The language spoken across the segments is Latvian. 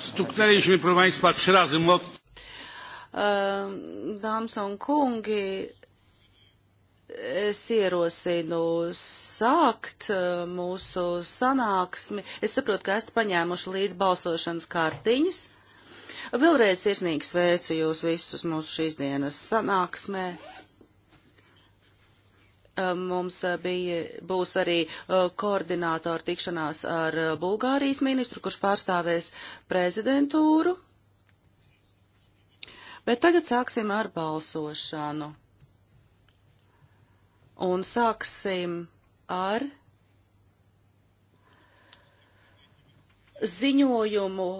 Stuknęliśmy, proszę Państwa, trzy razy młot. E, dāmas un kungi, es ierosinu sākt e, mūsu sanāksmi. Es saprotu, ka esat paņēmuši līdz balsošanas kartiņas. Vēlreiz sirsnīgi sveicu jūs visus mūsu šīs dienas sanāksmē mums bija, būs arī koordinātori tikšanās ar Bulgārijas ministru, kurš pārstāvēs prezidentūru. Bet tagad sāksim ar balsošanu. Un sāksim ar ziņojumu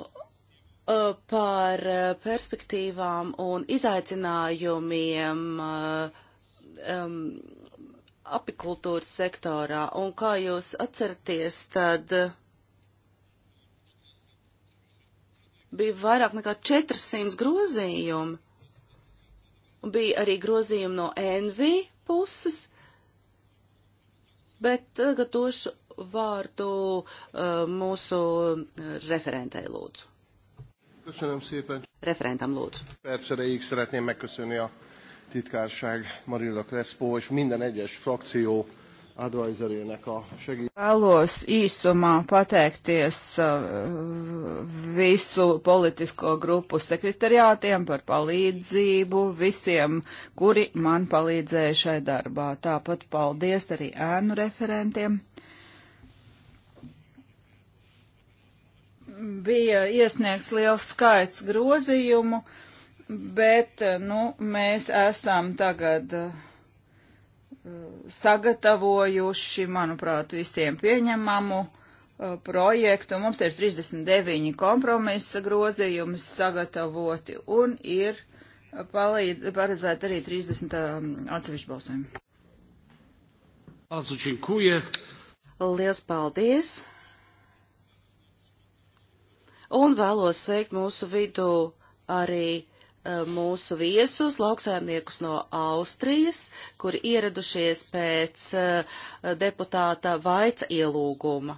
par perspektīvām un izaicinājumiem um, apikultūras sektorā, un kā jūs atceraties, tad bija vairāk nekā 400 grozījumi, un bija arī grozījumi no NV puses, bet tagad došu vārdu uh, mūsu referentei lūdzu. Köszönöm szépen. Referentam lódz. Perc erejéig szeretném megköszönni a titkárság Marilla Crespo és minden egyes frakció advisorének a segít. Vēlos īsumā pateikties uh, visu politisko grupu sekretariātiem par palīdzību, visiem, kuri man palīdzēja šai darbā. Tāpat paldies arī ēnu referentiem. Bija iesniegts liels skaits grozījumu. Uh, bet, eh, nu, mēs esam tagad eh, sagatavojuši, manuprāt, visiem pieņemamu eh, projektu. Mums ir 39 kompromisa grozījumi sagatavoti un ir palīdz, paredzēt arī 30 ehm, atsevišķu balsojumu. Bardzo dziękuję. Lielas paldies! Un vēlos sveikt mūsu vidū arī mūsu viesus, lauksaimniekus no Austrijas, kuri ieradušies pēc uh, deputāta Vaica ielūguma.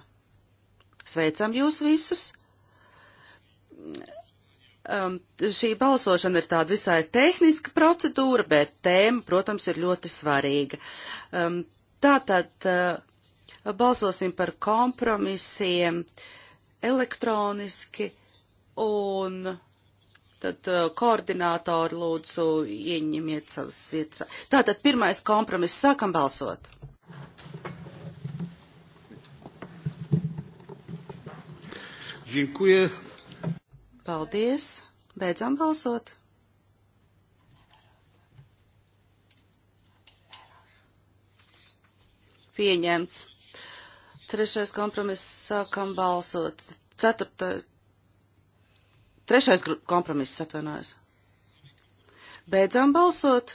Sveicam jūs visus! Um, šī balsošana ir tāda visai tehniska procedūra, bet tēma, protams, ir ļoti svarīga. Um, tātad uh, balsosim par kompromisiem elektroniski un uh, Tad uh, koordinātori lūdzu ieņemiet savas vietas. Tātad pirmais kompromiss. Sākam balsot. Dziękuję. Paldies. Beidzam balsot. Pieņemts. Trešais kompromiss sākam balsot. Ceturtais Trešais kompromiss atvainojas. Beidzām balsot.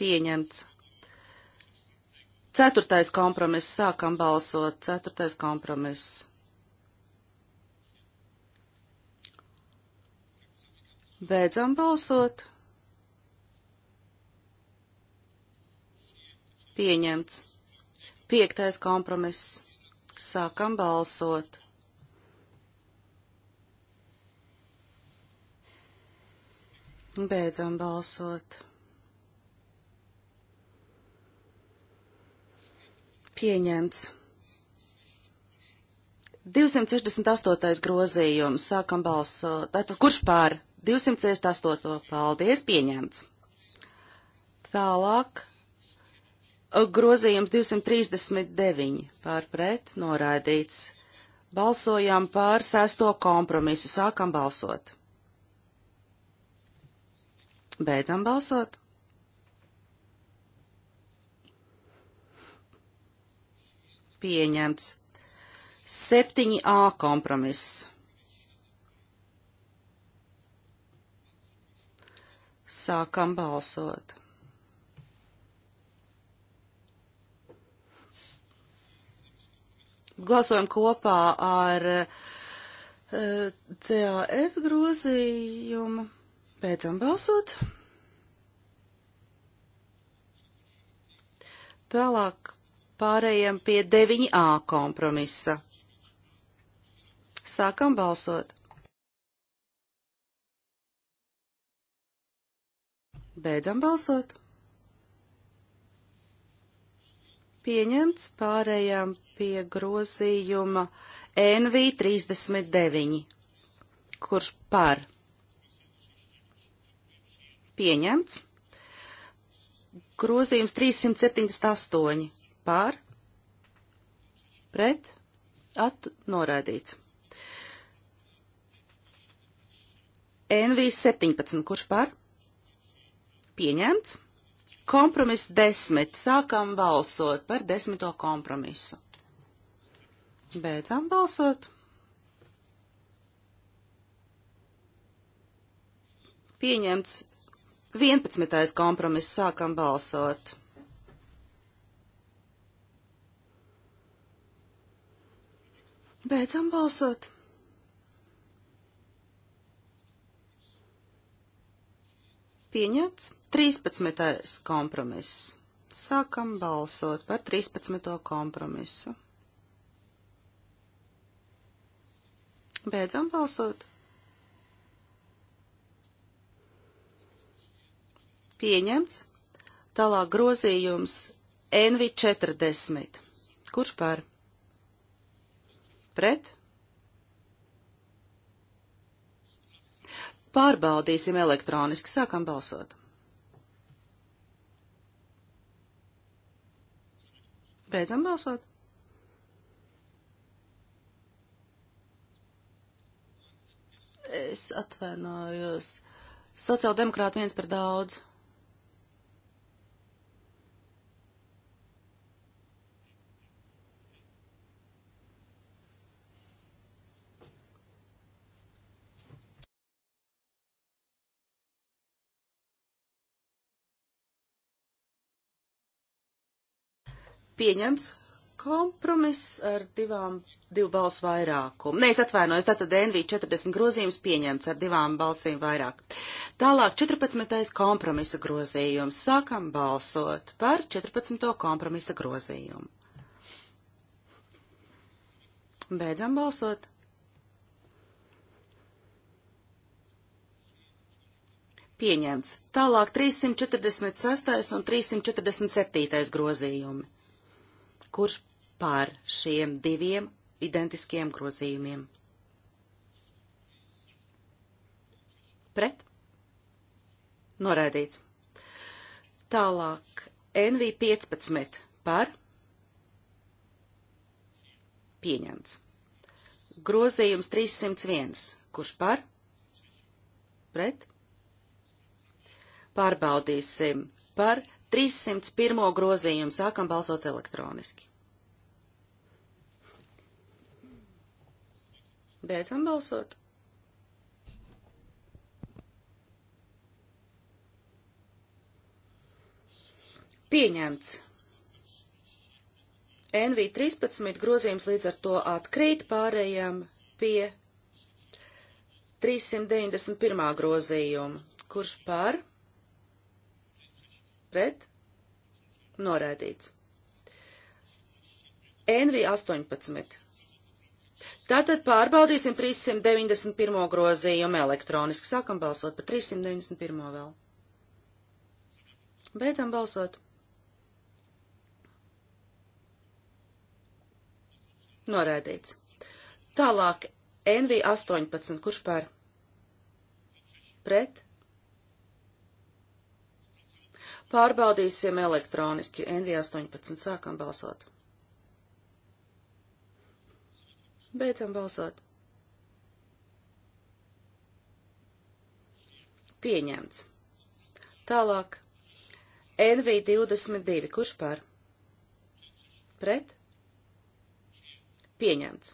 Pieņemts. Ceturtais kompromiss. Sākam balsot. Ceturtais kompromiss. Beidzām balsot. Pieņemts. Piektais kompromiss. Sākam balsot. Beidzam balsot. Pieņemts. 268. grozījums. Sākam balsot. Tātad kurš pār? 268. Paldies, pieņemts. Tālāk Grozījums 239 pār pret noraidīts. Balsojam pār sesto kompromisu. Sākam balsot. Beidzam balsot. Pieņemts. 7a kompromiss. Sākam balsot. balsojam kopā ar eh, CAF grozījumu. Beidzam balsot. Tālāk pārējiem pie 9A kompromisa. Sākam balsot. Beidzam balsot. Pieņemts pārējām pie grozījuma NV39, kurš par pieņemts. Grozījums 378 pār, pret, at, noraidīts. NV 17, kurš pār? Pieņemts. Kompromiss 10. Sākam balsot par desmito kompromisu. Beidzām balsot. Pieņemts 11. kompromiss. Sākam balsot. Beidzam balsot. Pieņemts 13. kompromiss. Sākam balsot par 13. kompromisu. Beidzam balsot. Pieņemts. Tālāk grozījums NV40. Kurš par? Pret? Pārbaudīsim elektroniski. Sākam balsot. Beidzam balsot. Es atvainojos. Sociāldemokrāti viens par daudz. pieņemts kompromiss ar divām divu balsu vairākumu. Nē, es atvainojos, tātad NV 40 grozījums pieņemts ar divām balsīm vairāk. Tālāk 14. kompromisa grozījums. Sākam balsot par 14. kompromisa grozījumu. Beidzam balsot. Pieņemts. Tālāk 346. un 347. grozījumi. Kurš par šiem diviem identiskiem grozījumiem. Pret? Noraidīts. Tālāk NV15 par? Pieņemts. Grozījums 301. Kurš par? Pret? Pārbaudīsim par 301. grozījumu. Sākam balsot elektroniski. Beidzam balsot. Pieņemts. NV13 grozījums līdz ar to atkrīt pārējām pie 391. grozījuma, kurš par pret norēdīts. NV18 Tātad pārbaudīsim 391. grozījumu elektroniski. Sākam balsot par 391. vēl. Beidzam balsot. Norēdīts. Tālāk NV18. Kurš par? Pret? Pārbaudīsim elektroniski. NV18. Sākam balsot. Beidzam balsot. Pieņemts. Tālāk. NV22. Kurš par? Pret? Pieņemts.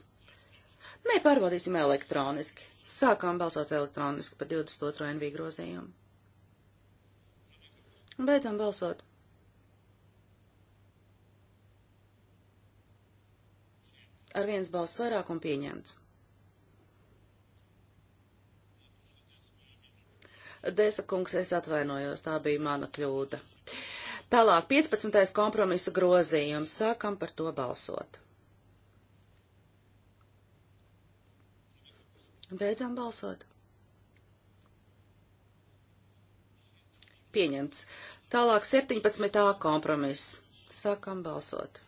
Nē, pārbaudīsim elektroniski. Sākām balsot elektroniski par 22. NV grozījumu. Beidzam balsot. ar viens balss vairākumu pieņemts. Dēsa kungs, es atvainojos, tā bija mana kļūda. Tālāk, 15. kompromisa grozījums. Sākam par to balsot. Beidzam balsot. Pieņemts. Tālāk 17. kompromiss. Sākam balsot.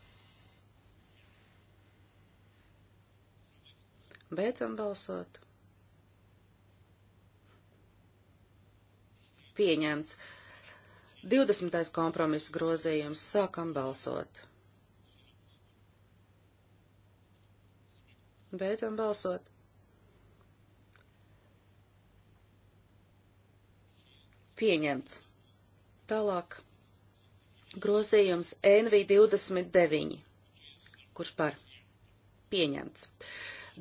Beidzam balsot. Pieņemts. 20. kompromisa grozījums. Sākam balsot. Beidzam balsot. Pieņemts. Tālāk. Grozījums NV29. Kurš par? Pieņemts.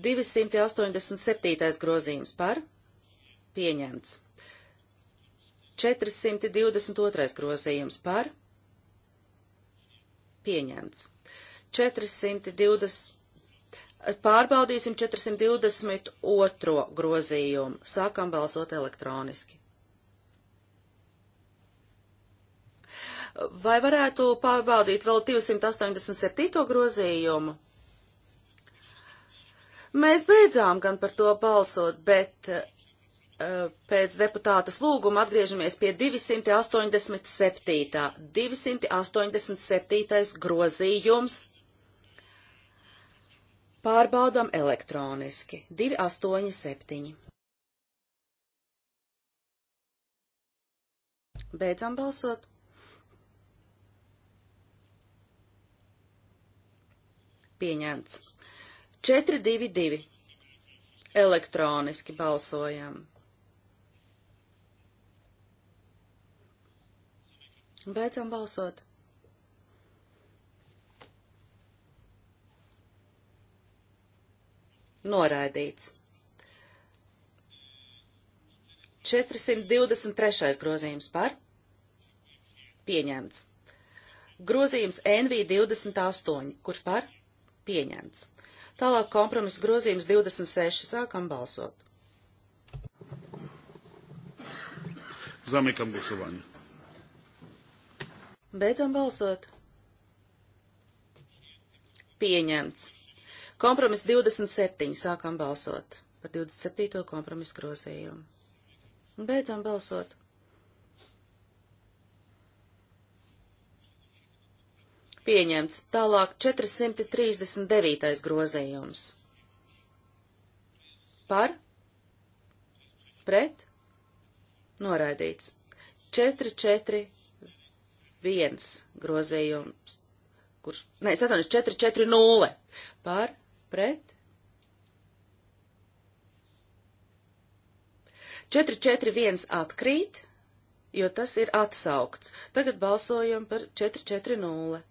287. grozījums par pieņemts. 422. grozījums par pieņemts. 420. Pārbaudīsim 422. grozījumu. Sākam balsot elektroniski. Vai varētu pārbaudīt vēl 287. grozījumu? Mēs beidzām gan par to balsot, bet eh, pēc deputātas lūguma atgriežamies pie 287. 287. grozījums. Pārbaudam elektroniski. 287. Beidzam balsot. Pieņemts. 422. Elektroniski balsojam. Beidzam balsot. Noraidīts. 423. grozījums par pieņemts. Grozījums NV28, kurš par pieņemts. Tālāk kompromisa grozījums 26. Sākam balsot. Zamykam głosowanie. Beidzam balsot. Pieņemts. Kompromiss 27. Sākam balsot par 27. kompromisu grozījumu. Beidzam balsot. Pieņemts. Tālāk 439. grozījums. Par? Pret? Noraidīts. 4, 4, 1 grozījums. Kurš? Nē, es atvainojos, 4, 4, 0. Par? Pret? 4, 4, 1 atkrīt, jo tas ir atsaukts. Tagad balsojam par 4, 4, 0.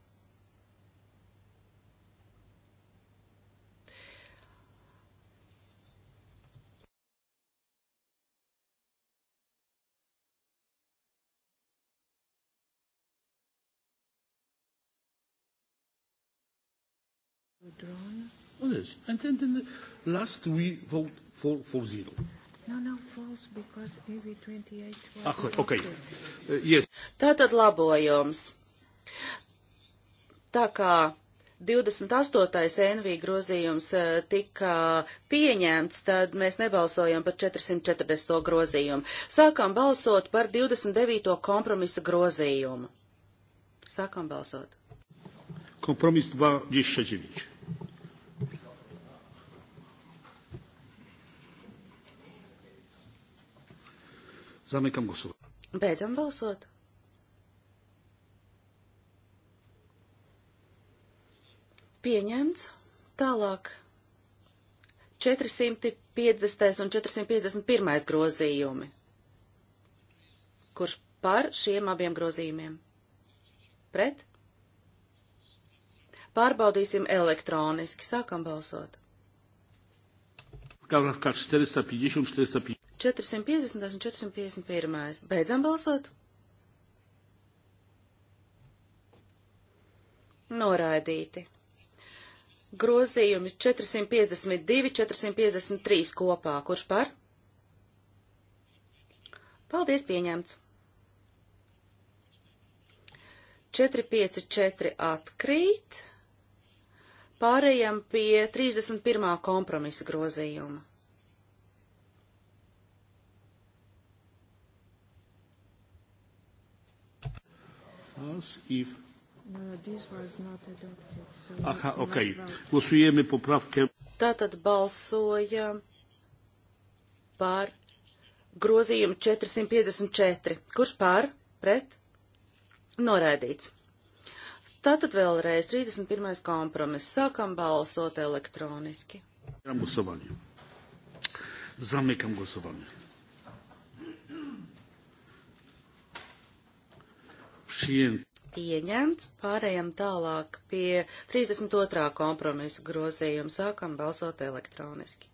Withdrawn? On this. And then, then the last we vote for, for zero. No, no, false, because AV28 was... Ah, okay. Uh, yes. Tātad labojums. Tā kā 28. NV grozījums uh, tika pieņemts, tad mēs nebalsojam par 440. grozījumu. Sākam balsot par 29. kompromisa grozījumu. Sākam balsot. Kompromis 29. Zamykam głosowanie. Beidzam balsot. Pieņemts. Tālāk. 450. un 451. grozījumi. Kurš par šiem abiem grozījumiem? Pret? Pārbaudīsim elektroniski. Sākam balsot. Paragraf 450, 450. 450. un 451. Beidzam balsot. Noraidīti. Grozījumi 452, 453 kopā. Kurš par? Paldies, pieņemts. 454 atkrīt. Pārējām pie 31. kompromisa grozījuma. us if... No, this was not adopted, so Aha, okej. Okay. Głosujemy poprawkę... Tātad balsojam par grozījumu 454. Kurš pār? Pret? Noraidīts. Tātad vēlreiz 31. kompromiss. Sākam balsot elektroniski. Zamykam głosowanie. Šien. Pieņemts, pārējām tālāk pie 32. kompromisa grozījuma. Sākam balsot elektroniski.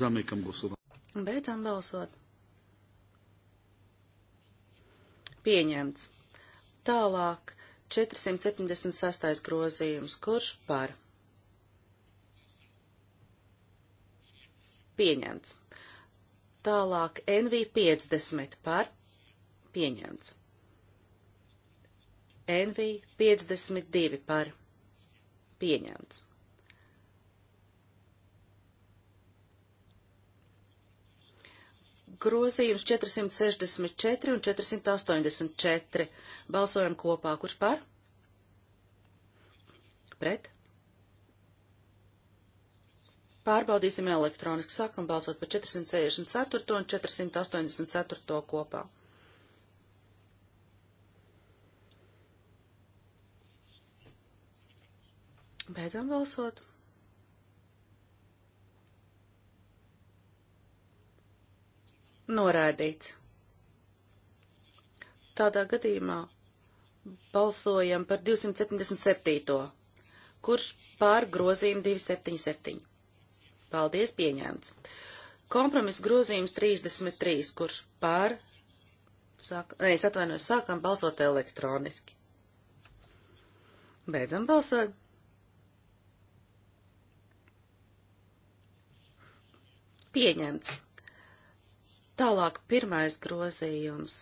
Zamykam głosowanie. Beidzam balsot. Pieņemts. Tālāk 476. grozījums. Kurš par? Pieņemts. Tālāk NV50 par pieņemts. NV 52 par pieņemts. Grozījums 464 un 484. Balsojam kopā. Kurš par? Pret? Pārbaudīsim elektroniski. Sākam balsot par 464 un 484 kopā. Beidzam balsot. Norādīts. Tādā gadījumā balsojam par 277. Kurš pār grozījumu 277? Paldies, pieņemts. Kompromis grozījums 33, kurš pār Sāk, nē, es atvainojos, sākam balsot elektroniski. Beidzam balsot. Pieņemts. Tālāk pirmais grozījums.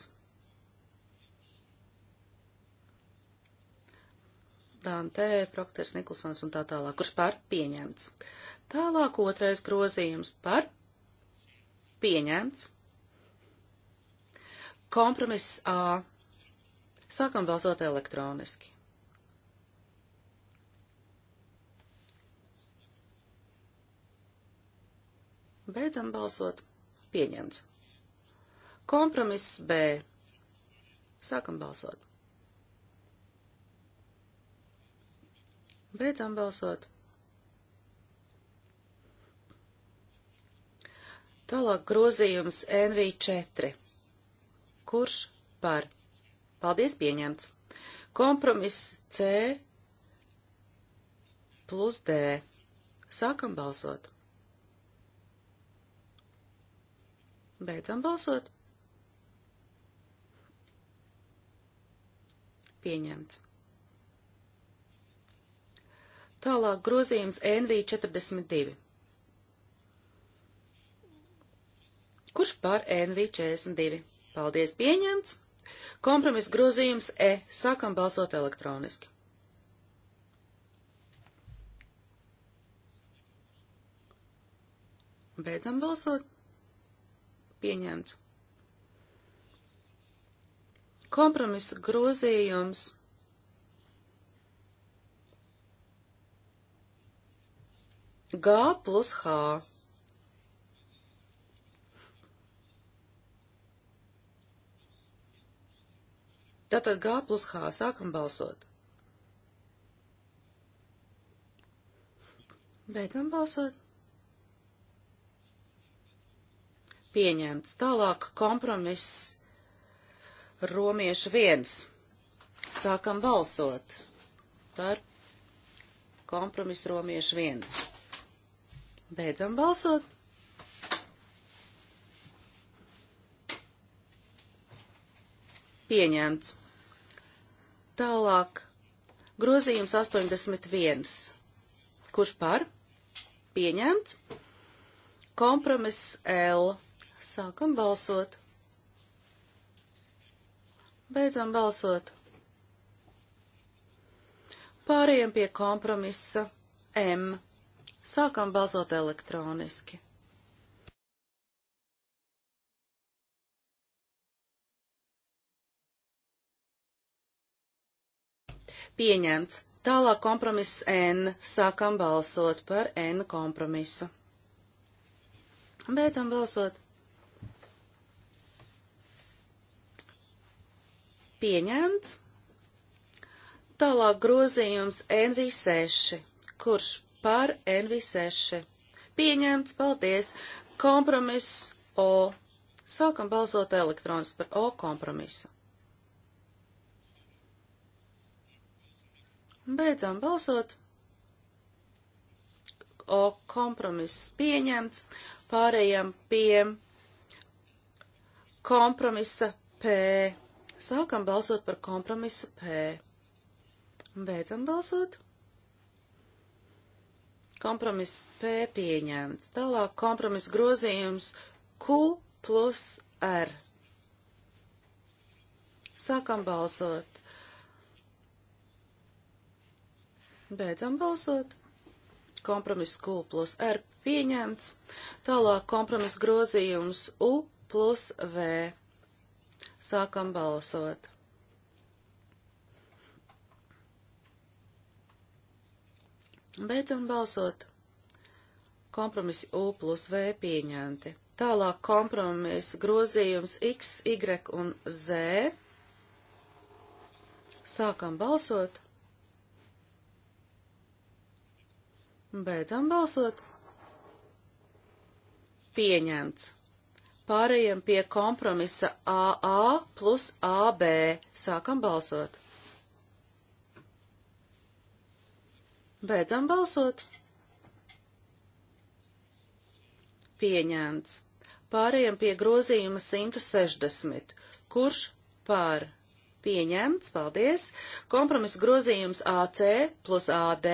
Dantē, Proktors Niklsons un tā tālāk, kurš par pieņemts. Tālāk otrais grozījums par pieņemts. Kompromiss A. Sākam balsot elektroniski. Beidzam balsot. Pieņemts. Kompromiss B. Sākam balsot. Beidzam balsot. Tālāk grozījums NV4. Kurš par? Paldies, pieņemts. Kompromiss C plus D. Sākam balsot. Beidzam balsot. Pieņemts. Tālāk grozījums NV42. Kurš par NV42? Paldies, pieņemts. Kompromis grozījums E. Sākam balsot elektroniski. Beidzam balsot pieņemts. Kompromisa grozījums G plus H. Tātad G plus H sākam balsot. Beidzam balsot. pieņemts. Tālāk kompromiss romiešu viens. Sākam balsot par kompromisu romiešu viens. Beidzam balsot. Pieņemts. Tālāk grozījums 81. Kurš par? Pieņemts. Kompromiss L Sākam balsot. Beidzam balsot. Pārējiem pie kompromisa M. Sākam balsot elektroniski. Pieņemts. Tālāk kompromiss N. Sākam balsot par N kompromisu. Beidzam balsot. Pieņemts. Tālāk grozījums NV6. Kurš par NV6? Pieņemts, paldies. Kompromiss O. Sākam balsot elektroniski par O kompromisu. Beidzam balsot. O kompromiss pieņemts. Pārējām pie kompromisa P Sākam balsot par kompromisu P. Beidzam balsot. Kompromiss P pieņemts. Tālāk kompromiss grozījums Q plus R. Sākam balsot. Beidzam balsot. Kompromiss Q plus R pieņemts. Tālāk kompromiss grozījums U plus V. Sākam balsot. Beidzam balsot. Kompromisi U plus V pieņemti. Tālāk kompromis grozījums X, Y un Z. Sākam balsot. Beidzam balsot. Pieņemts pārējiem pie kompromisa AA plus AB. Sākam balsot. Beidzam balsot. Pieņemts. Pārējiem pie grozījuma 160. Kurš par? Pieņemts, paldies. Kompromiss grozījums AC plus AD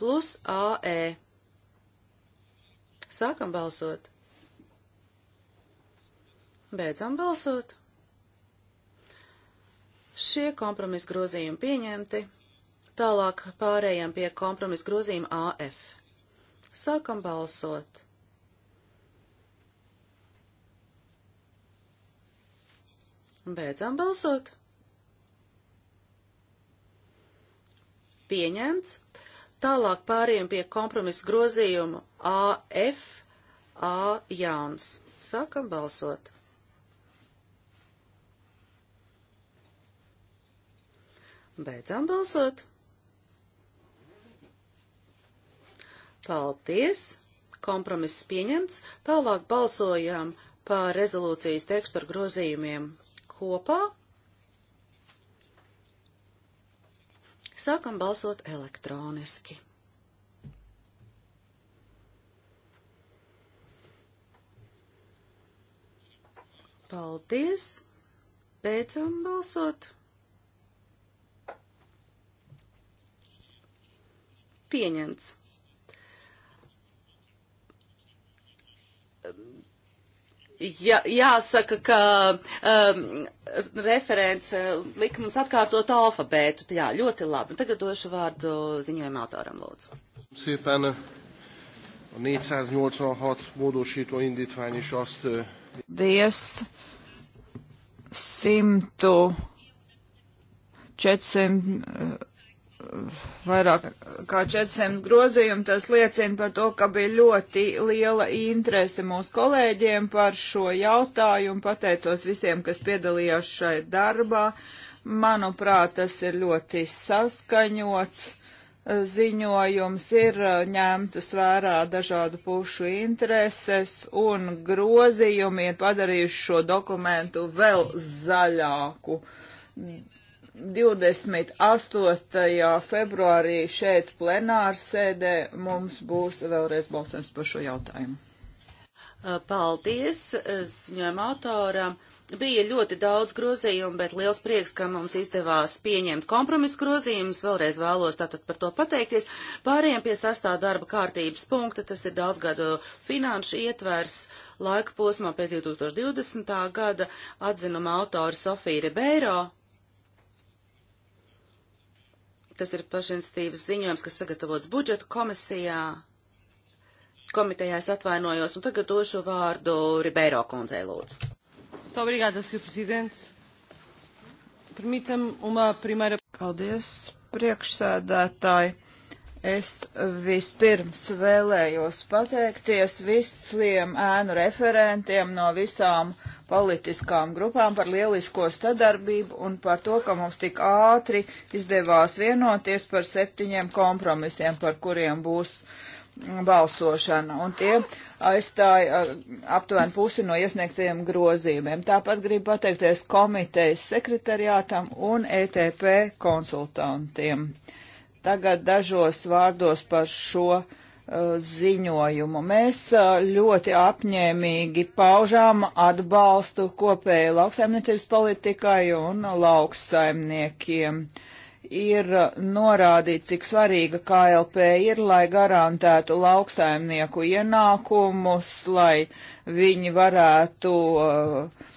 plus AE. Sākam balsot. Beidzam balsot. Šie kompromisa grozījumi pieņemti. Tālāk pārējām pie kompromisa grozījuma AF. Sākam balsot. Beidzam balsot. Pieņemts. Tālāk pārējām pie kompromisa grozījuma AF. A jauns. Sākam balsot. Beidzām balsot. Paldies! Kompromiss pieņemts. Tālāk balsojām par rezolūcijas tekstu ar grozījumiem kopā. Sākam balsot elektroniski. Paldies! Beidzam balsot! Pieņemts. Jā, jāsaka, ka um, referents uh, lika mums atkārtot alfabētu. Jā, ļoti labi. Tagad došu vārdu ziņojuma autoram, lūdzu. Szépen a 486 módosító indítvány is azt... Uh, Dies 100, 400, vairāk kā 400 grozījumu. Tas liecina par to, ka bija ļoti liela interese mūsu kolēģiem par šo jautājumu. Pateicos visiem, kas piedalījās šai darbā. Manuprāt, tas ir ļoti saskaņots ziņojums, ir uh, ņemtas vērā dažādu pušu intereses un grozījumi ir padarījuši šo dokumentu vēl zaļāku 28. februārī šeit plenārsēdē mums būs vēlreiz balsojums par šo jautājumu. Paldies ziņojuma autoram. Bija ļoti daudz grozījumu, bet liels prieks, ka mums izdevās pieņemt kompromisu grozījumus. Vēlreiz vēlos tātad par to pateikties. Pārējiem pie sastāv darba kārtības punkta, tas ir daudzgadu finanšu ietvers laika posmā pēc 2020. gada atzinuma autora Sofija Ribeiro. Tas ir pašinstīvas ziņojums, kas sagatavots budžeta komisijā. Komitejā es atvainojos, un tagad došu vārdu Ribeiro kundzei lūdzu. Obrigada, Sr. Presidents. Permitam uma primeira. Paldies, priekšsēdētāji. Es vispirms vēlējos pateikties visiem ēnu referentiem no visām politiskām grupām par lielisko sadarbību un par to, ka mums tik ātri izdevās vienoties par septiņiem kompromisiem, par kuriem būs balsošana. Un tie aizstāja aptuveni pusi no iesniegtajiem grozījumiem. Tāpat gribu pateikties komitejas sekretariātam un ETP konsultantiem. Uh, Tagad dažos vārdos par šo uh, ziņojumu. Mēs uh, ļoti apņēmīgi paužām atbalstu kopēji lauksaimniecības politikai un lauksaimniekiem. Ir uh, norādīts, cik svarīga KLP ir, lai garantētu lauksaimnieku ienākumus, lai viņi varētu uh,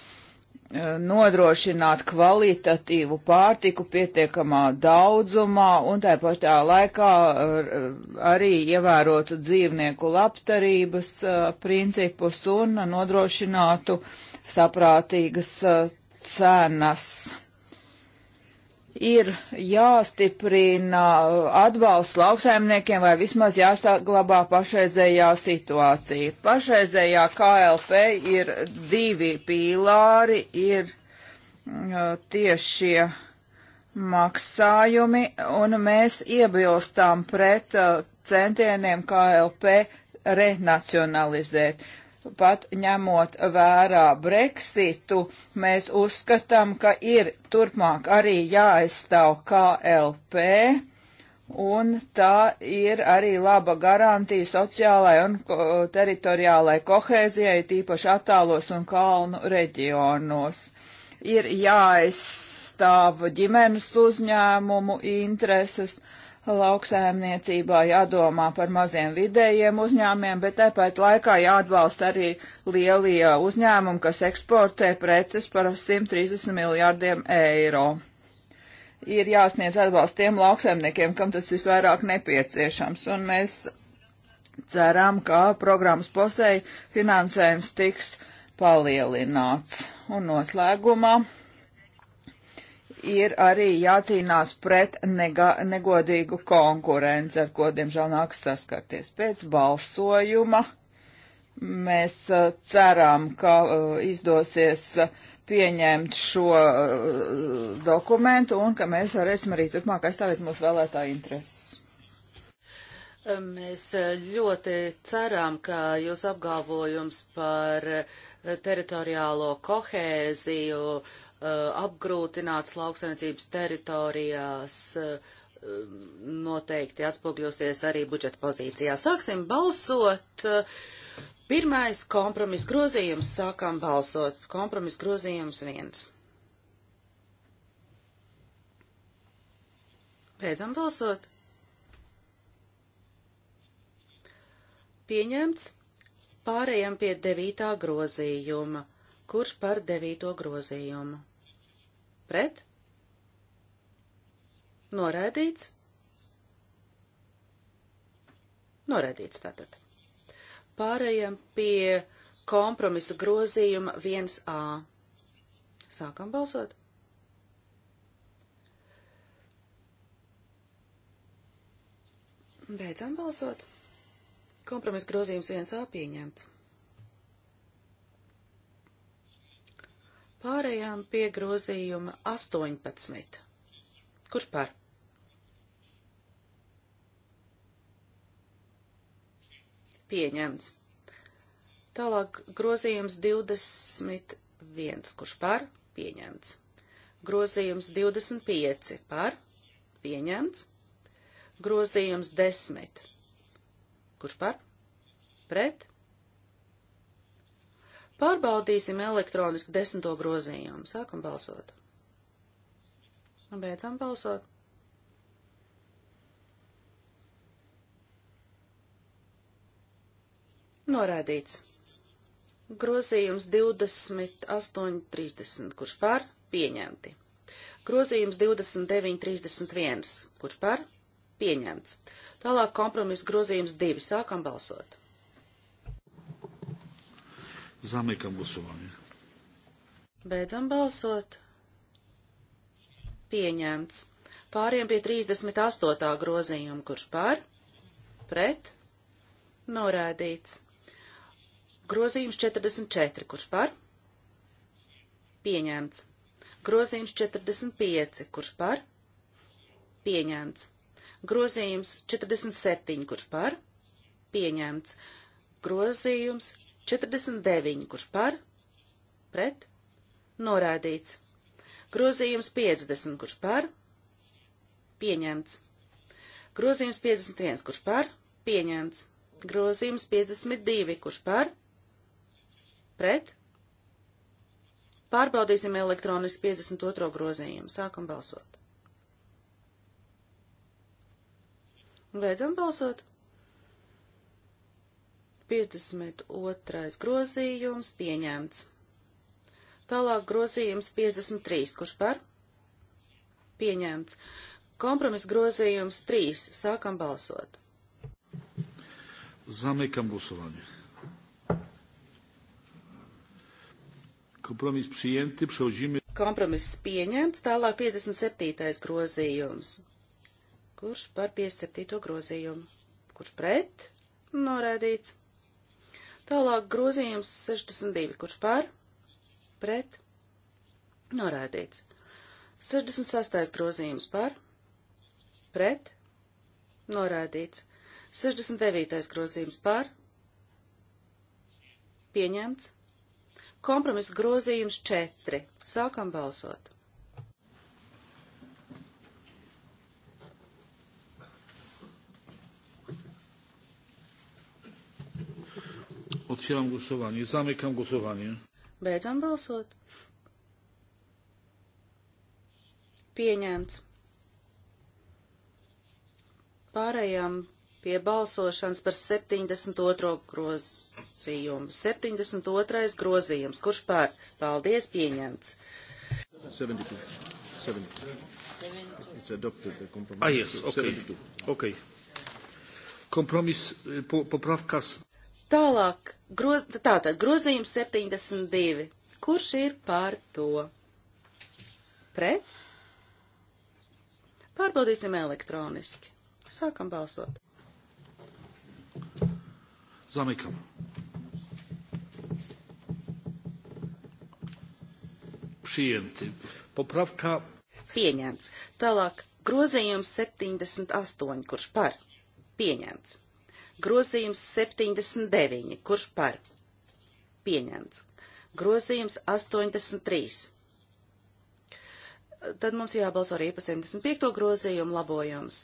nodrošināt kvalitatīvu pārtiku pietiekamā daudzumā un tā pašā laikā eh, arī ievērotu dzīvnieku labdarības eh, principus un nodrošinātu saprātīgas eh, cenas ir jāstiprina atbalsts lauksaimniekiem vai vismaz jāsaglabā pašreizējā situācija. Pašreizējā KLP ir divi pīlāri, ir mm, tiešie maksājumi, un mēs iebilstām pret centieniem KLP renacionalizēt. Uh, pat ņemot vērā Brexitu, mēs uzskatām, ka ir turpmāk arī jāaizstāv KLP, un tā ir arī laba garantija sociālai un teritoriālai kohēzijai, tīpaši attālos un kalnu reģionos. Ir jāaizstāv ģimenes uzņēmumu intereses, uh, lauksēmniecībā, jādomā par maziem vidējiem uzņēmiem, bet tāpat laikā jāatbalsta arī lielie uzņēmumi, kas eksportē preces par 130 miljārdiem eiro. Ir jāsniedz atbalsts tiem lauksēmniekiem, kam tas visvairāk nepieciešams, un mēs ceram, ka programmas posēji finansējums tiks palielināts. Un noslēgumā ir arī jācīnās pret nega, negodīgu konkurenci, ar ko, diemžēl, nāks saskarties. Pēc balsojuma mēs uh, ceram, ka uh, izdosies uh, pieņemt šo dokumentu un ka mēs varēsim arī turpmāk aizstāvēt mūsu vēlētāju intereses. Um, mēs ļoti ceram, ka jūs apgalvojums par teritoriālo kohēziju uh, Uh, apgrūtinātas lauksaimniecības teritorijās uh, noteikti atspogļosies arī budžeta pozīcijā. Sāksim balsot. Pirmais kompromis grozījums sākam balsot. Kompromis grozījums viens. Beidzam balsot. Pieņemts. Pārējām pie devītā grozījuma. Kurš par devīto grozījumu? pret, noraidīts, noraidīts tātad. Pārējām pie kompromisa grozījuma 1A. Sākam balsot. Beidzam balsot. Kompromisa grozījums 1A pieņemts. Pārējām pie grozījuma 18. Kurš par? Pieņemts. Tālāk grozījums 21. Kurš par? Pieņemts. Grozījums 25. Par? Pieņemts. Grozījums 10. Kurš par? Pret? Pārbaudīsim elektroniski desmito grozījumu. Sākam balsot. Un beidzam balsot. Norādīts. Grozījums 28.30, kurš par pieņemti. Grozījums 29.31, kurš par pieņemts. Tālāk kompromiss grozījums 2. Sākam balsot. Zamykam głosowanie. Beidzam balsot. Pieņemts. Pāriem pie 38. grozījuma, kurš par, pret, norādīts. Grozījums 44, kurš par, pieņemts. Grozījums 45, kurš par, pieņemts. Grozījums 47, kurš par, pieņemts. Grozījums 49, kurš par, pret, norādīts. Grozījums 50, kurš par, pieņemts. Grozījums 51, kurš par, pieņemts. Grozījums 52, kurš par, pret. Pārbaudīsim elektroniski 52. grozījumu. Sākam balsot. Beidzam balsot. 52. grozījums pieņemts. Tālāk grozījums 53. Kurš par? Pieņemts. Kompromis grozījums 3. Sākam balsot. Zamykam głosowanie. Kompromis przyjęty, przechodzimy. Kompromiss pieņemts, tālāk 57. grozījums. Kurš par 57. grozījumu? Kurš pret? Norādīts. Tālāk grozījums 62, kurš par, pret, norādīts. 66. grozījums par, pret, norādīts. 69. grozījums par, pieņemts. Kompromisa grozījums 4. Sākam balsot. Otwieram głosowanie. Zamykam głosowanie. Beidzam balsot. Pieņemts. Pārējām pie balsošanas par 72. grozījumu. 72. grozījums. Kurš pār? Paldies, pieņemts. 72. 72. 72. Ah, yes, okay. 72. Okay. Kompromis, po, poprawka z Tālāk, groz, tātad grozījums 72. Kurš ir par to? Pret? Pārbaudīsim elektroniski. Sākam balsot. Zamikam. Przyjęty. Poprawka. Pieņemts. Tālāk grozījums 78, kurš par. Pieņemts. Grozījums 79. Kurš par? Pieņemts. Grozījums 83. Tad mums jābalso arī par 75. grozījumu labojums.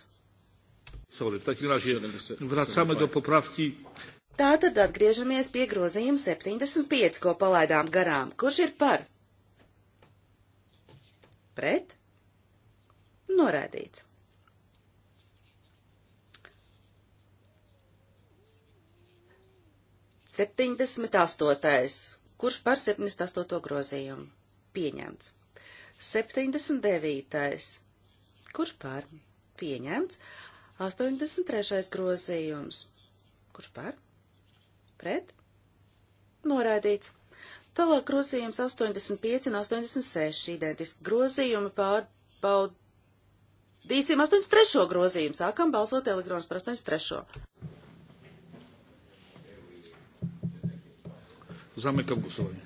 Tātad atgriežamies pie grozījuma 75, ko palaidām garām. Kurš ir par? Pret? Norādīts. 78. Kurš par 78. grozījumu? Pieņemts. 79. Kurš par? Pieņemts. 83. grozījums. Kurš par? Pret? Noraidīts. Tālāk grozījums 85 un 86 identiski grozījumi pārbaudīsim 83. grozījumu. Sākam balsot elektronus par 83. Zamykam głosowanie.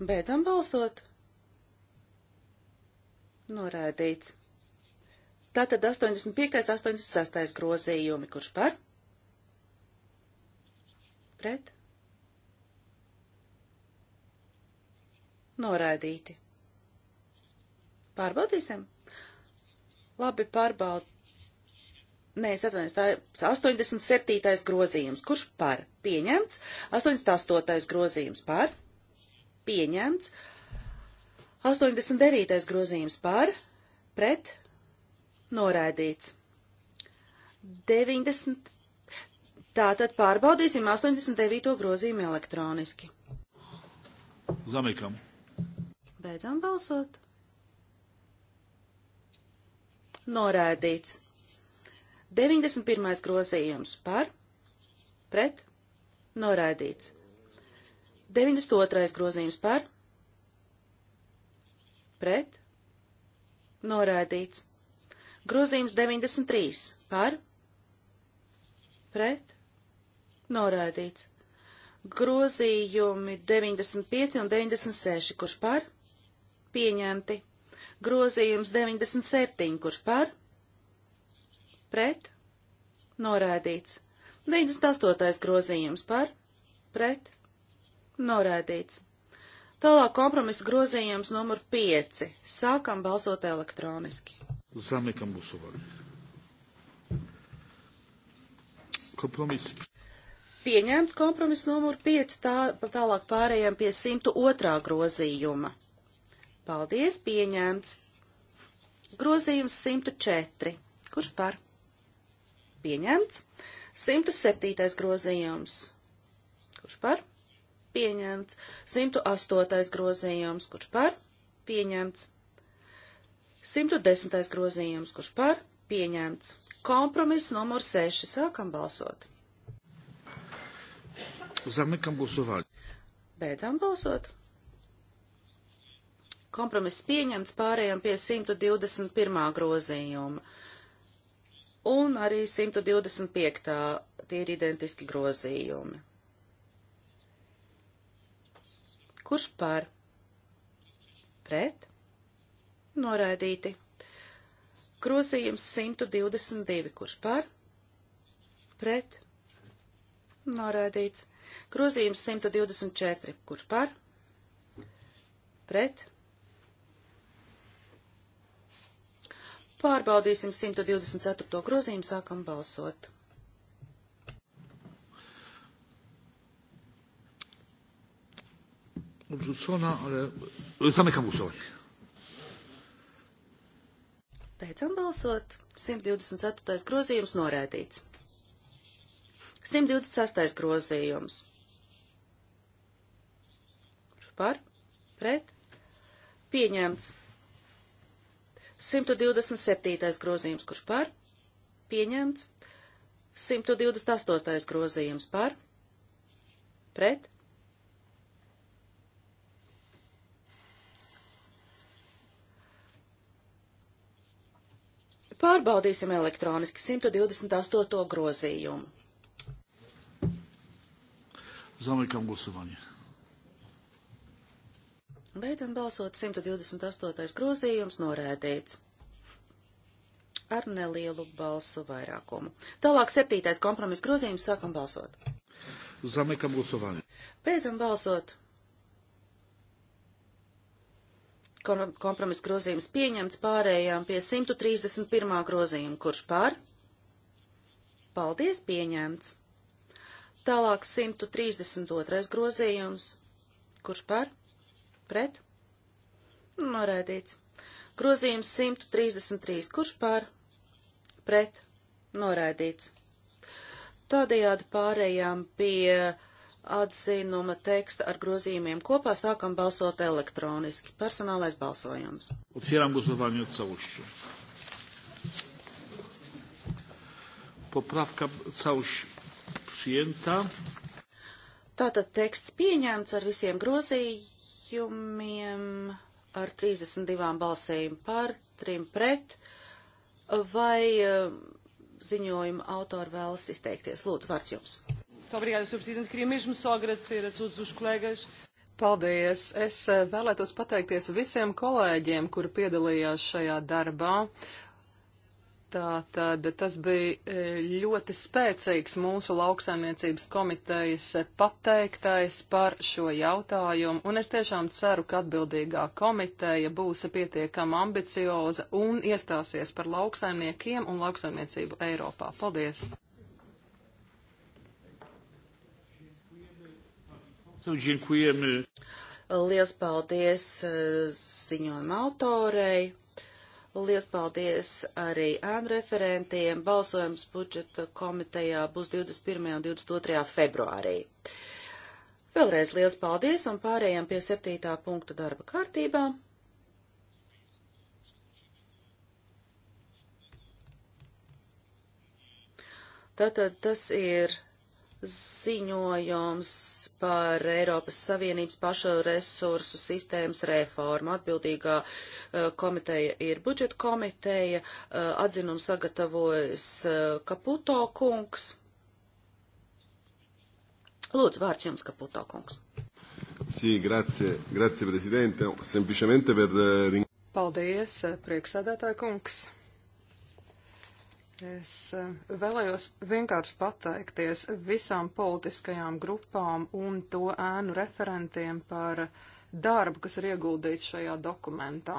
Beidzam balsot. Norādīts. Tātad 85. 86. grozījumi, kurš par? Pret? Norādīti. Pārbaudīsim? Labi, pārbaud, Mēs atvainojamies, tā ir 87. grozījums, kurš par pieņemts, 88. grozījums par pieņemts, 89. grozījums par pret noraidīts. 90. Tātad pārbaudīsim 89. grozījumu elektroniski. Zamikam. Beidzam balsot. Norādīts. 91. grozījums par, pret, noraidīts. 92. grozījums par, pret, noraidīts. Grozījums 93 par, pret, noraidīts. Grozījumi 95 un 96, kurš par, pieņemti. Grozījums 97, kurš par, pieņemti pret, norādīts. 98. grozījums par, pret, norādīts. Tālāk kompromisa grozījums numur 5. Sākam balsot elektroniski. Zamykam głosowanie. Kompromis. Pieņēmts kompromiss numur 5, tā, tālāk pārējām pie 102. grozījuma. Paldies, pieņēmts. Grozījums 104. Kurš par? pieņemts. 107. grozījums, kurš par, pieņemts. 108. grozījums, kurš par, pieņemts. 110. grozījums, kurš par, pieņemts. Kompromiss numur 6. Sākam balsot. Zamykam głosowanie. Beidzam balsot. Kompromiss pieņemts pārējām pie 121. grozījuma un arī 125. tie ir identiski grozījumi. Kurš par? Pret? Noraidīti. Grozījums 122. Kurš par? Pret? Noraidīts. Grozījums 124. Kurš par? Pret? Pārbaudīsim 124. grozījumu, sākam balsot. Odrzucona, ale zamykam głosowanie. Beidzam balsot. 124. grozījums norēdīts. 126. grozījums. Par? Pret? Pieņemts. 127. grozījums, kurš par, pieņemts. 128. grozījums par, pret. Pārbaudīsim elektroniski 128. grozījumu. Zamykam głosowanie. Beidzam balsot 128. grozījums norēdīts ar nelielu balsu vairākumu. Tālāk septītais kompromis grozījums sākam balsot. Zamekam gusovani. Beidzam balsot. Kompromis grozījums pieņemts pārējām pie 131. grozījuma. Kurš pār? Paldies, pieņemts. Tālāk 132. grozījums. Kurš par? pret? Noraidīts. Grozījums 133. Kurš par? Pret? Noraidīts. Tādējādi pārējām pie atzinuma teksta ar grozījumiem. Kopā sākam balsot elektroniski. Personālais balsojums. Otwieram głosowanie od całości. Poprawka całość przyjęta. Tātad teksts pieņemts ar visiem grozījumiem grozījumiem ar 32 balsīm par, 3 pret, vai eh, ziņojuma autori vēlas izteikties? Lūdzu, vārds jums. Obrigada, Sr. Presidente. Queria mesmo só agradecer a todos os colegas Paldies! Es eh, vēlētos pateikties visiem kolēģiem, kuri piedalījās šajā darbā, Tātad tas bija e, ļoti spēcīgs mūsu lauksaimniecības komitejas pateiktais par šo jautājumu, un es tiešām ceru, ka atbildīgā komiteja būs pietiekama ambicioza un iestāsies par lauksaimniekiem un lauksaimniecību Eiropā. Paldies! Liels paldies e, ziņojuma autorei! Lielas paldies arī ēnu referentiem. Balsojums budžeta komitejā būs 21. un 22. februārī. Vēlreiz liels paldies un pārējām pie 7. punktu darba kārtībā. Tātad tas ir ziņojums par Eiropas Savienības pašu resursu sistēmas reformu. Atbildīgā uh, komiteja ir budžeta komiteja, uh, atzinumu sagatavojas uh, Kaputo kungs. Lūdzu, vārds jums, Kaputo kungs. Sī, grazie, grazie, prezidente. Semplicemente per... Paldies, prieksēdētāja kungs. Es eh, vēlējos vienkārši pateikties visām politiskajām grupām un to ēnu referentiem par darbu, kas ir ieguldīts šajā dokumentā.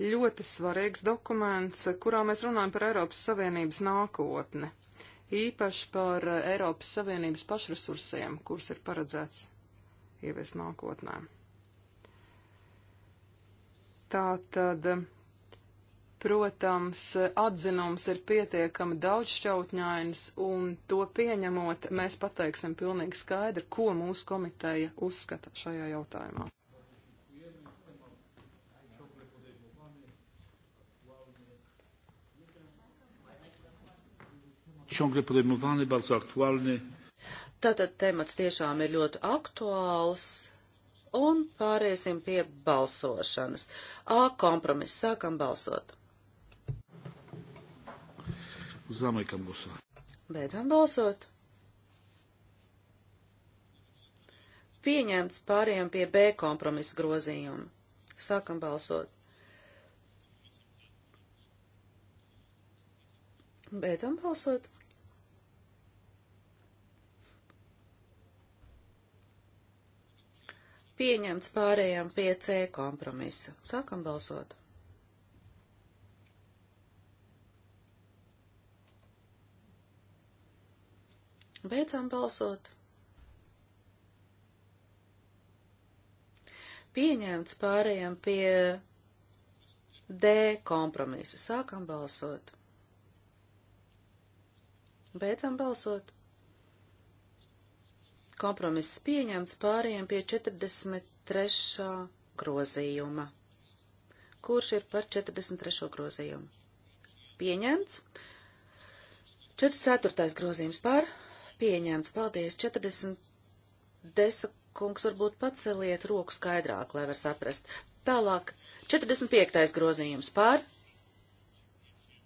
Ļoti svarīgs dokuments, kurā mēs runājam par Eiropas Savienības nākotni, īpaši par Eiropas Savienības pašresursiem, kurus ir paredzēts ievies nākotnē. Tā tad. Protams, atzinums ir pietiekami daudzšķautņains, un to pieņemot, mēs pateiksim pilnīgi skaidri, ko mūsu komiteja uzskata šajā jautājumā. Tātad temats tiešām ir ļoti aktuāls, un pāriesim pie balsošanas. A kompromiss sākam balsot. Zamykam głosowanie. Beidzam balsot. Pieņemts pārējām pie B kompromisa grozījuma. Sākam balsot. Beidzam balsot. Pieņemts pārējām pie C kompromisa. Sākam balsot. Beidzām balsot. Pieņemts pārējām pie D kompromisa. Sākam balsot. Beidzam balsot. Kompromiss pieņemts pārējām pie 43. grozījuma. Kurš ir par 43. grozījumu? Pieņemts. 44. grozījums par Pieņemts. Paldies. 40 desa kungs varbūt paceliet roku skaidrāk, lai var saprast. Tālāk. 45. grozījums par.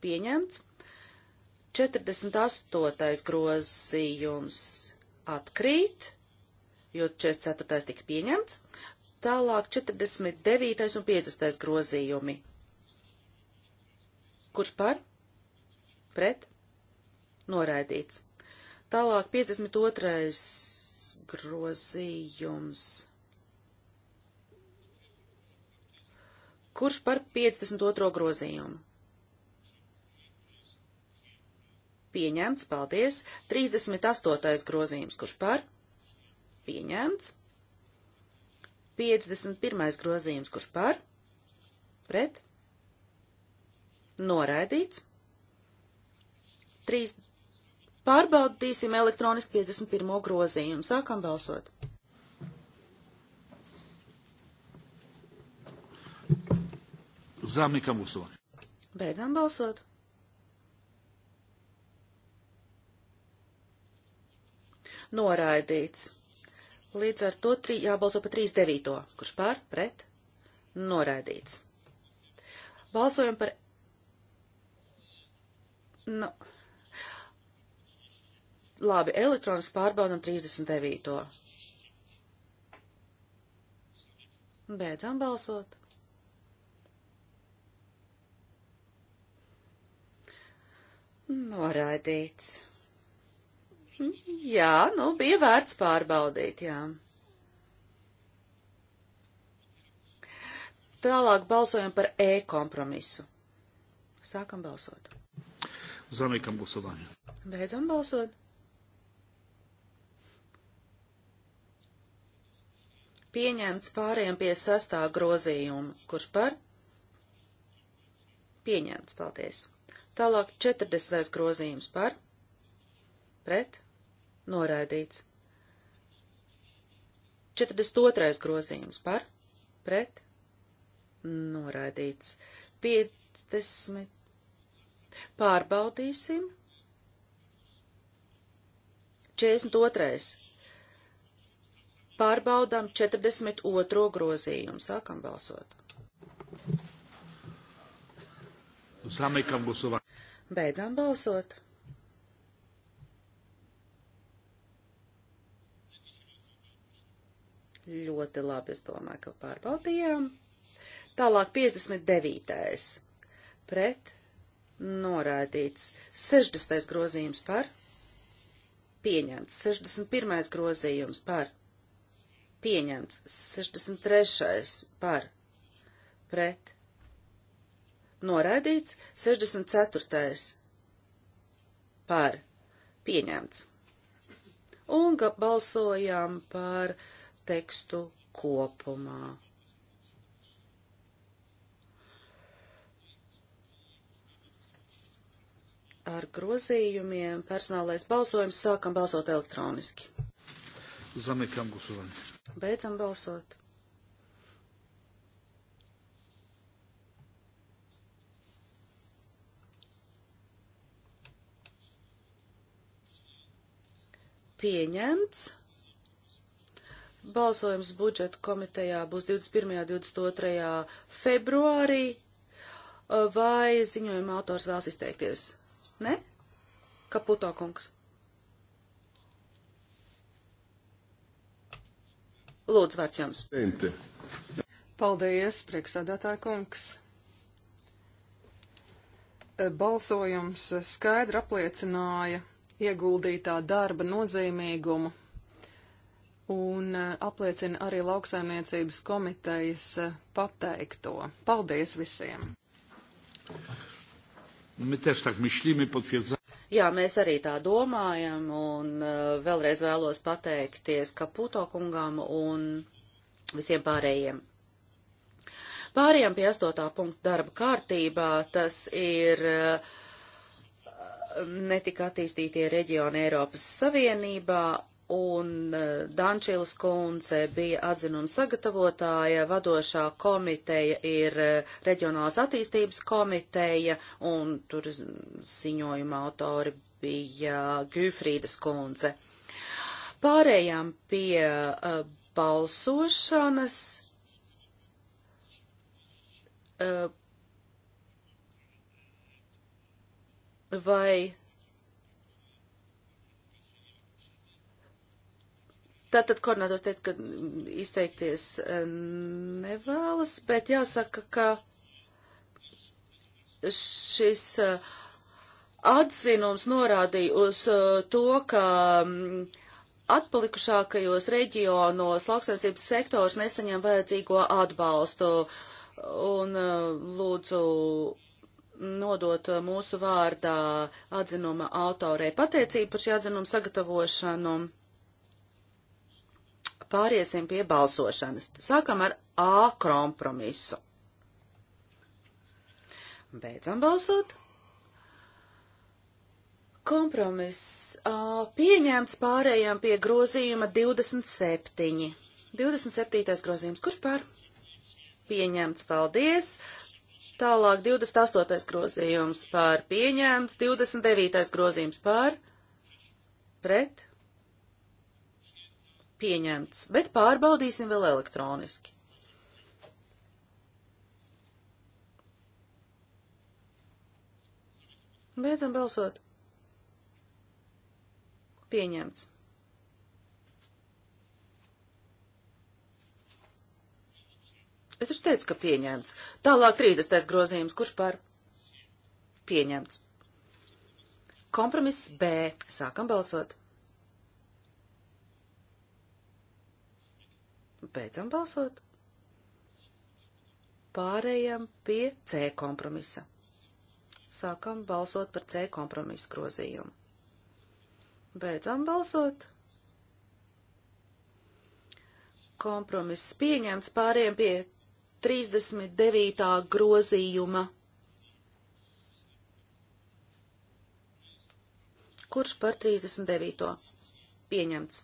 Pieņemts. 48. grozījums atkrīt, jo 44. tika pieņemts. Tālāk 49. un 50. grozījumi. Kurš par? Pret? Noraidīts. Tālāk 52. grozījums. Kurš par 52. grozījumu? Pieņemts, paldies. 38. grozījums, kurš par? Pieņemts. 51. grozījums, kurš par? Pret? Noraidīts. 3. Pārbaudīsim elektroniski 51. grozījumu. Sākam balsot. Zamykam głosowanie. Beidzam balsot. Noraidīts. Līdz ar to tri, jābalso pa 3.9. Kurš pār? Pret? Noraidīts. Balsojam par. Nu. No. Labi, elektroniski pārbaudam 39. Beidzam balsot. Noraidīts. Jā, nu, bija vērts pārbaudīt, jā. Tālāk balsojam par e-kompromisu. Sākam balsot. Zamykam głosowanie. Beidzam balsot. pieņemts pāriem pie sastā grozījuma, kurš par pieņemts, paldies. Tālāk 40. grozījums par pret noraidīts. 42. grozījums par pret noraidīts. 50. Pārbaudīsim. 42. Pārbaudām 42. grozījumu. Sākam balsot. Zamykam głosowanie. Beidzam balsot. Ļoti labi, es domāju, ka pārbaudījām. Tālāk 59. Pret norādīts 60. grozījums par pieņemts, 61. grozījums par pieņemts 63. par pret noraidīts 64. par pieņemts. Un balsojām par tekstu kopumā. Ar grozījumiem personālais balsojums sākam balsot elektroniski. Zamykam głosowanie. Beidzam balsot. Pieņemts. Balsojums budžeta komitejā būs 21. un 22. februārī. Vai ziņojuma autors vēlas izteikties? Ne? Kaputo kungs. Lūdzu, vārds jums. Paldies, priekšsēdētāja kungs. Balsojums skaidri apliecināja ieguldītā darba nozīmīgumu un apliecina arī lauksaimniecības komitejas pateikto. Paldies visiem! My też tak myślimy, potwierdzamy. Jā, mēs arī tā domājam, un eh, vēlreiz vēlos pateikties Kaputo kungam un visiem pārējiem. Pārējām pie astotā punkta darba kārtībā, tas ir eh, netika attīstītie reģioni Eiropas Savienībā un e, Dančīlas kundze bija atzinuma sagatavotāja, vadošā komiteja ir e, reģionālās attīstības komiteja, un tur ziņojuma autori bija Gīfrīdas kundze. Pārējām pie uh, balsošanas. Uh, vai Tātad koordinators teica, ka izteikties e, nevēlas, bet jāsaka, ka šis e, atzinums norādīja uz e, to, ka atpalikušākajos reģionos lauksaimniecības sektors nesaņem vajadzīgo atbalstu. Un lūdzu nodot mūsu vārdā atzinuma autorei pateicību par šī atzinuma sagatavošanu pāriesim pie balsošanas. Sākam ar A kompromisu. Beidzam balsot. Kompromiss A, pieņemts pārējām pie grozījuma 27. 27. grozījums. Kurš pār? Pieņemts, paldies. Tālāk 28. grozījums pār pieņemts, 29. grozījums pār pret pieņemts, bet pārbaudīsim vēl elektroniski. Beidzam balsot. Pieņemts. Es taču teicu, ka pieņemts. Tālāk 30. grozījums, kurš par pieņemts. Kompromiss B. Sākam balsot. Beidzam balsot. Pārējām pie C kompromisa. Sākam balsot par C kompromisu grozījumu. Beidzam balsot. Kompromiss pieņemts pāriem pie 39. grozījuma. Kurš par 39. pieņemts?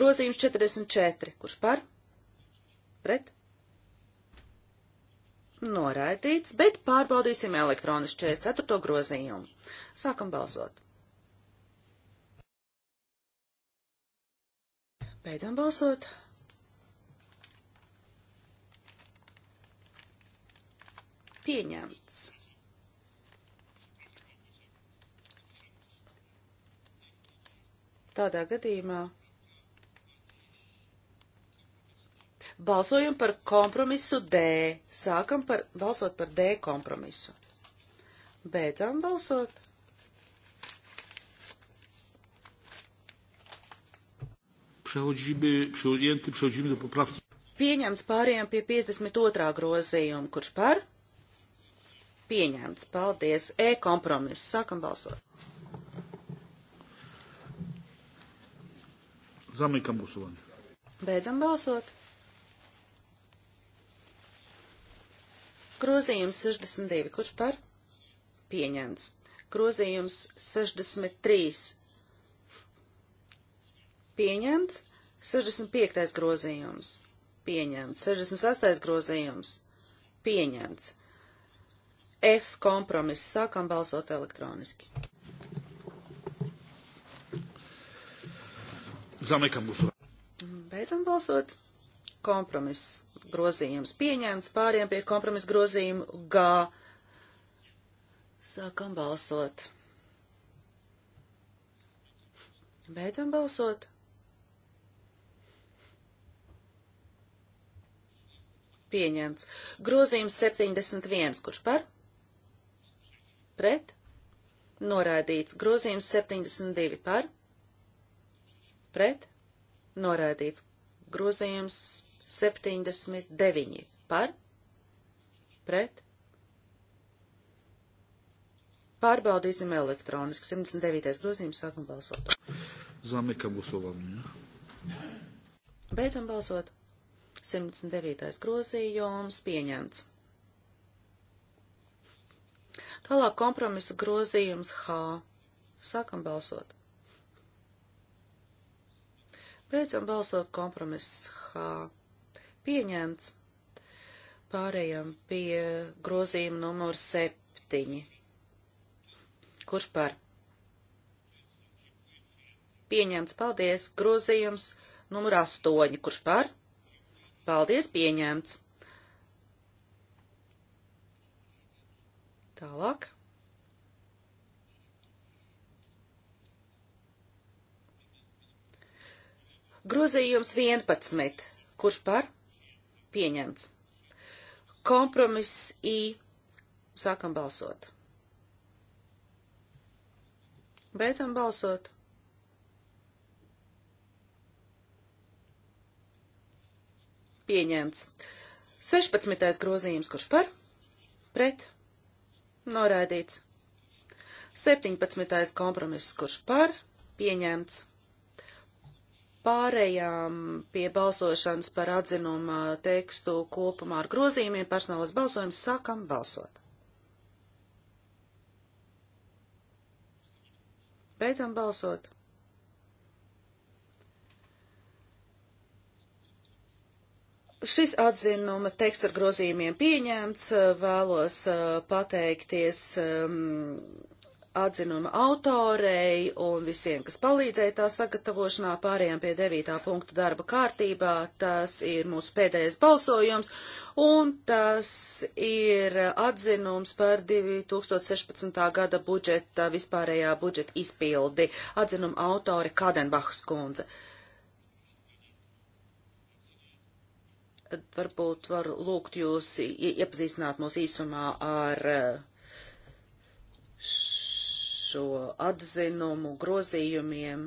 Grozījums 44. Kurš par? pret noraidīts, bet pārbaudīsim elektroniski 44. grozījumu. Sākam balsot. Beidzam balsot. Pieņemts. Tādā gadījumā Balsojam par kompromisu D. Sākam par, balsot par D kompromisu. Beidzam balsot. Przechodzimy, przyjęty, przechodzimy do poprawki. Pieņemts pārējām pie 52. grozījuma, kurš par? Pieņemts, paldies. E kompromiss, sākam balsot. Zamykam balsošanu. Beidzam balsot. Grozījums 62. Kurš par? Pieņemts. Grozījums 63. Pieņemts. 65. grozījums. Pieņemts. 68. grozījums. Pieņemts. F kompromiss. Sākam balsot elektroniski. Zamekam balsot. Beidzam balsot. Kompromiss grozījums pieņemts, pāriem pie kompromisa grozījumu G. Sākam balsot. Beidzam balsot. Pieņemts. Grozījums 71. Kurš par? Pret? Noraidīts. Grozījums 72. Par? Pret? Noraidīts. Grozījums 79 par, pret. Pārbaudīsim elektroniski. 79. grozījums sākam balsot. Zameka Busovamija. Beidzam balsot. 109. grozījums pieņemts. Tālāk kompromisa grozījums H. Sākam balsot. Beidzam balsot kompromiss H. Pieņemts. Pārējām pie grozījuma numur septiņi. Kurš par? Pieņemts, paldies. Grozījums numur astoņi. Kurš par? Paldies, pieņemts. Tālāk. Grozījums 11. Kurš par? Pieņemts. Kompromiss I. Sākam balsot. Beidzam balsot. Pieņemts. 16. grozījums, kurš par? Pret. Norādīts. 17. kompromiss, kurš par? Pieņemts. Pārējām pie balsošanas par atzinuma tekstu kopumā ar grozījumiem personālas balsojums sākam balsot. Beidzam balsot. Šis atzinuma teksts ar grozījumiem pieņemts. Vēlos uh, pateikties um, atzinuma autorei un visiem, kas palīdzēja tā sagatavošanā, pārējām pie devītā punkta darba kārtībā. Tas ir mūsu pēdējais balsojums, un tas ir atzinums par 2016. gada budžeta, vispārējā budžeta izpildi. Atzinuma autori Kadenbachs kundze. Varbūt var lūgt jūs iepazīstināt mūs īsumā ar. Š uh, šo atzinumu, grozījumiem.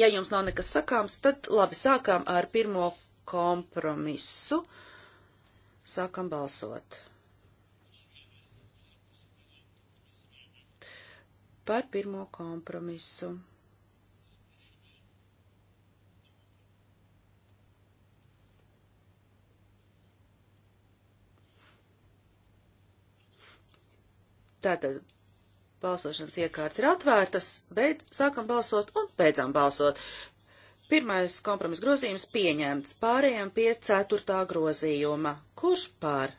Ja jums nav nekas sakāms, tad labi, sākām ar pirmo kompromisu. Sākam balsot. Par pirmo kompromisu. Tātad Balsošanas iekārtas ir atvērtas, beidz, sākam balsot un beidzam balsot. Pirmais kompromis grozījums pieņemts, pārējām pie ceturtā grozījuma. Kurš pār?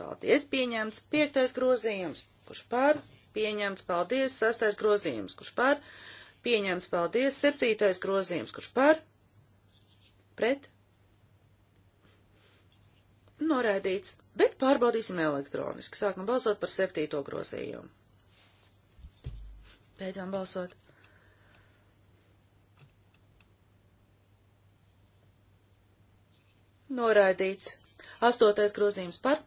Paldies, pieņemts. Piektais grozījums. Kurš pār? Pieņemts, paldies. Sastais grozījums. Kurš pār? Pieņemts, paldies. Septītais grozījums. Kurš pār? Pret? Noraidīts, bet pārbaudīsim elektroniski. Sākam balsot par septīto grozījumu. Beidzām balsot. Noraidīts. Astotais grozījums par.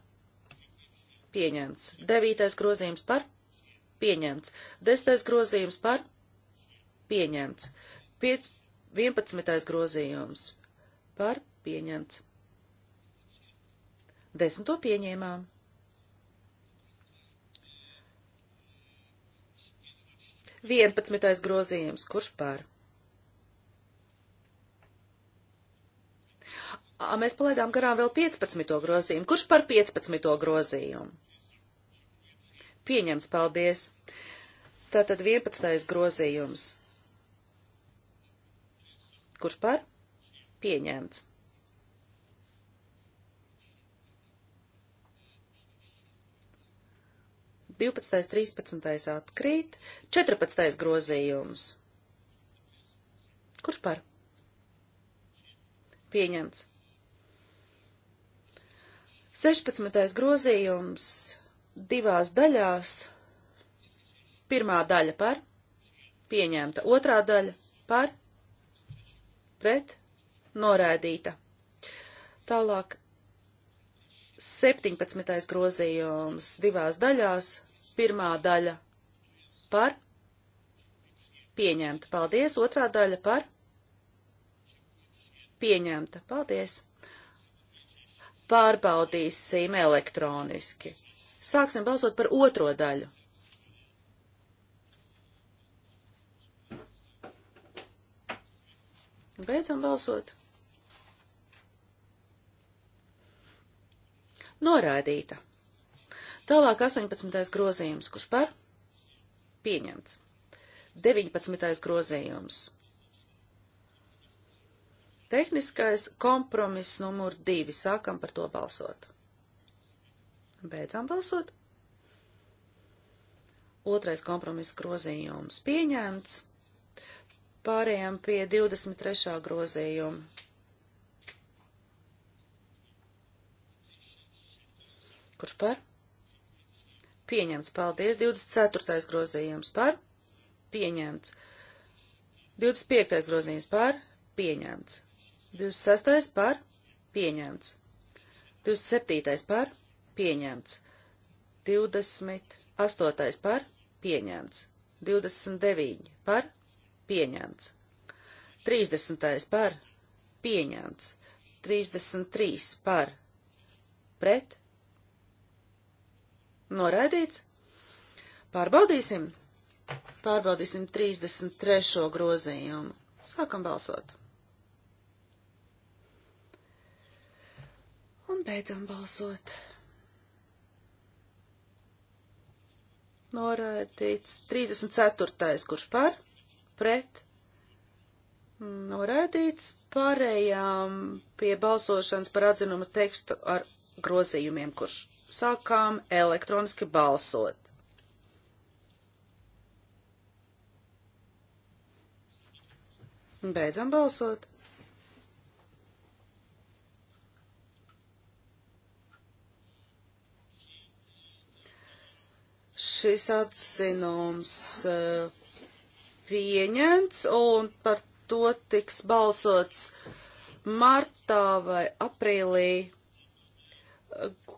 Pieņemts. Devītais grozījums par. Pieņemts. Desmitais grozījums par. Pieņemts. Piec, vienpadsmitais grozījums par. Pieņemts. Desmito pieņēmām. 11. grozījums, kurš par? A, mēs palaidām garām vēl 15. grozījumu. Kurš par 15. grozījumu? Pieņems, paldies. Tātad 11. grozījums. Kurš par? Pieņemts. 12, 13 atkrīt, 14 grozījums. Kurš par? Pieņemts. 16. grozījums divās daļās. Pirmā daļa par, pieņemta. Otrā daļa par, pret, noraidīta. Tālāk 17. grozījums divās daļās. Pirmā daļa par pieņemta. Paldies. Otrā daļa par pieņemta. Paldies. Pārbaudīsim elektroniski. Sāksim balsot par otro daļu. Beidzam balsot. Norādīta. Tālāk 18. grozījums, kurš par pieņemts. 19. grozījums. Tehniskais kompromiss numur 2. Sākam par to balsot. Beidzam balsot. Otrais kompromiss grozījums pieņemts. Pārējām pie 23. grozījuma. Kurš par? Pieņemts. Paldies. 24. grozījums par. Pieņemts. 25. grozījums par. Pieņemts. 26. par. Pieņemts. 27. par. Pieņemts. 28. par. Pieņemts. 29. par. Pieņemts. 30. par. Pieņemts. 33. par. Pret. Noraidīts. Pārbaudīsim. Pārbaudīsim 33. grozījumu. Sākam balsot. Un beidzam balsot. Noraidīts 34. kurš par, pret, noraidīts pārējām pie balsošanas par atzinumu tekstu ar grozījumiem, kurš sākām elektroniski balsot. Beidzam balsot. Šis atzinums eh, pieņemts un par to tiks balsots martā vai aprīlī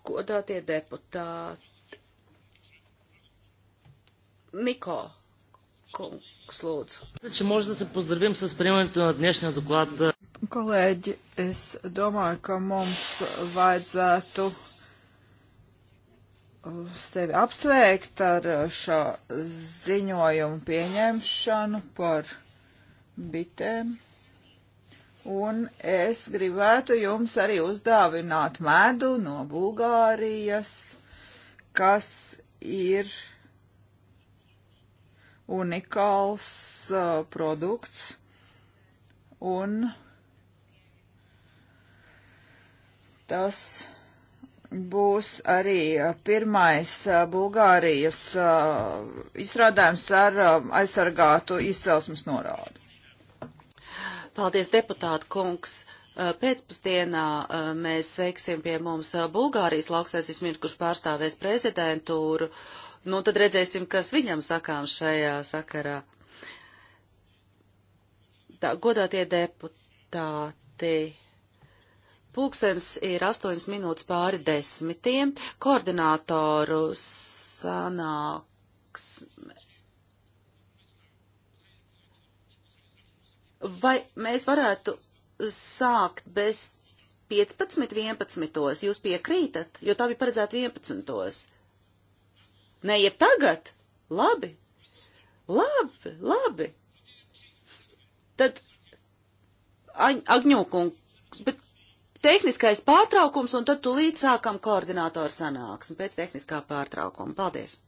godātie deputāti. Niko, kungs, lūdzu. Taču možda se pozdravim sa spriemantu no dnešnja doklada. Kolēģi, es domāju, ka mums vajadzētu uh, sevi apsveikt ar uh, šā ziņojumu pieņemšanu par bitēm. Un es gribētu jums arī uzdāvināt medu no Bulgārijas, kas ir unikāls uh, produkts. Un tas būs arī uh, pirmais uh, Bulgārijas uh, izstrādājums ar uh, aizsargātu izcelsmes norādi. Paldies, deputāta kungs! Eh, pēcpusdienā eh, mēs veiksim pie mums eh, Bulgārijas lauksaicismīns, kurš pārstāvēs prezidentūru. Nu, tad redzēsim, kas viņam sakām šajā sakarā. Tā, godātie deputāti. Pūkstens ir 8 minūtes pāri desmitiem. Koordinātoru sanāksme Vai mēs varētu sākt bez 15, 11. Jūs piekrītat, jo tā bija paredzēta 11. Nē, jeb tagad? Labi. Labi, labi. Tad Agņūkungs, bet tehniskais pārtraukums un tad tu līdz sākam koordinātoru sanāksmi pēc tehniskā pārtraukuma. Paldies!